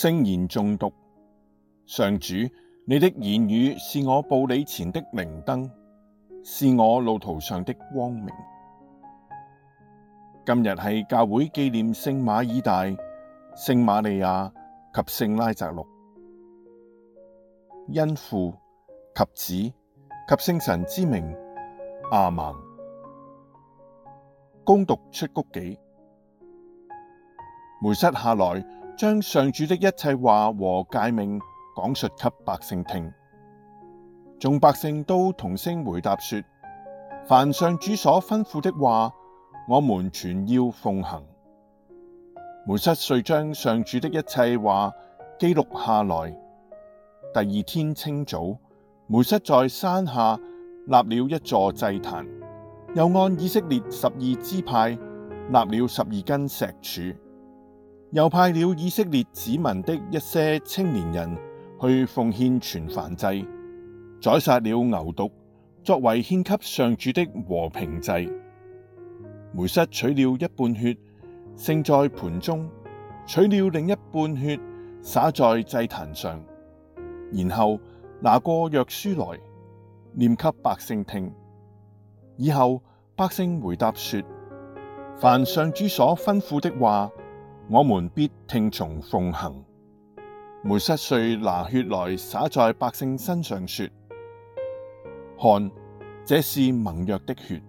聖言誦讀，上主，你的言語是我步履前的明燈，是我路途上的光明。今日係教會紀念聖瑪爾大、聖瑪利亞及聖拉匝祿，因父及子及聖神之名，阿們。恭讀出谷紀梅瑟下來。將上主的一切話和誡命講述給百姓聽，眾百姓都同聲回答說：凡上主所吩咐的話，我們全要奉行。梅瑟遂將上主的一切話記錄下來。第二天清早，梅瑟在山下立了一座祭壇，又按以色列十二支派立了十二根石柱。又派了以色列子民的一些青年人去奉獻全燔祭，宰殺了牛犢，作為獻給上主的和平祭。梅瑟取了一半血盛在盆中，取了另一半血灑在祭壇上，然後拿過約書來念給百姓聽。以後百姓回答說：凡上主所吩咐的話。我們必聽從奉行。梅瑟遂拿血來灑在百姓身上，說：看，這是盟約的血，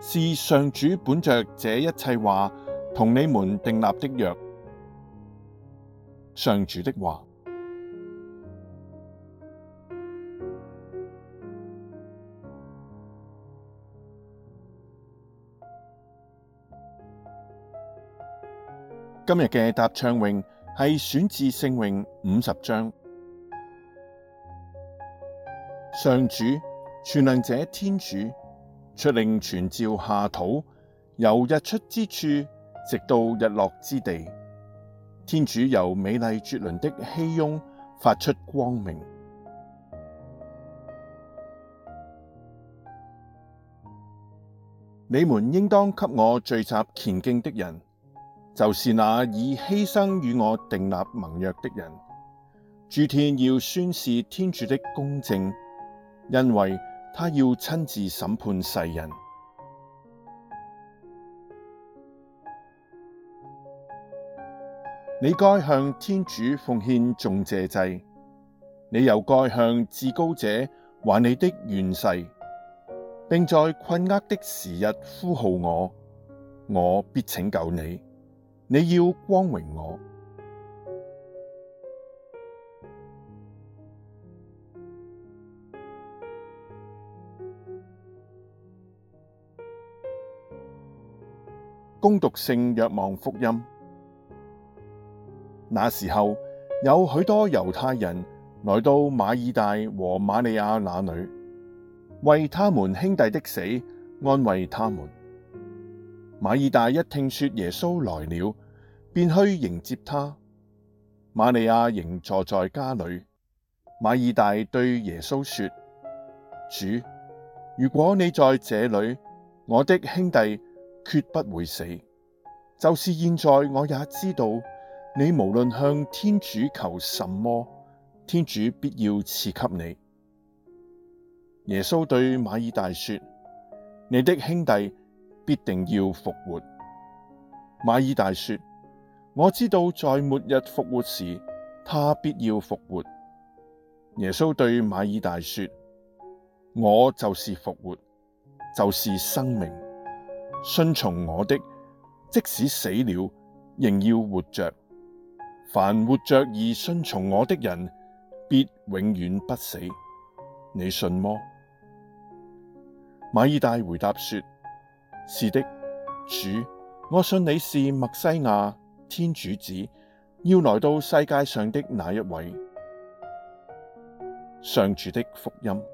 是上主本着這一切話同你們訂立的約。上主的話。今日嘅答唱詠係選自聖詠五十章。上主，全能者天主，出令傳召下土，由日出之處直到日落之地。天主由美麗絕倫的熙雍，發出光明。你們應當給我聚集虔敬的人。就是那以犧牲與我訂立盟約的人，諸天要宣示天主的公正，因為他要親自審判世人。你該向天主奉獻頌謝祭，你又該向至高者還你的願誓，並在困厄的時日呼號我，我必拯救你。你要光榮我。恭讀聖若望福音。那時候，有許多猶太人來到馬爾大和馬利亞那裡，為他們兄弟的死，安慰他們。馬爾大一聽說耶穌來了，便去迎接他。瑪利亞仍坐在家裡。馬爾大對耶穌說：主，如果你在這裡，我的兄弟決不會死。就是現在，我也知道你無論向天主求什麼，天主必要賜給你。耶穌對馬爾大說：你的兄弟。必定要復活。馬爾大說：我知道在末日復活時，他必要復活。耶穌對馬爾大說：我就是復活，就是生命。信從我的，即使死了，仍要活着。凡活着而信從我的人，必永遠不死。你信麼？馬爾大回答說。是的，主，我信你是默西亞，天主子，要來到世界上的那一位，上主的福音。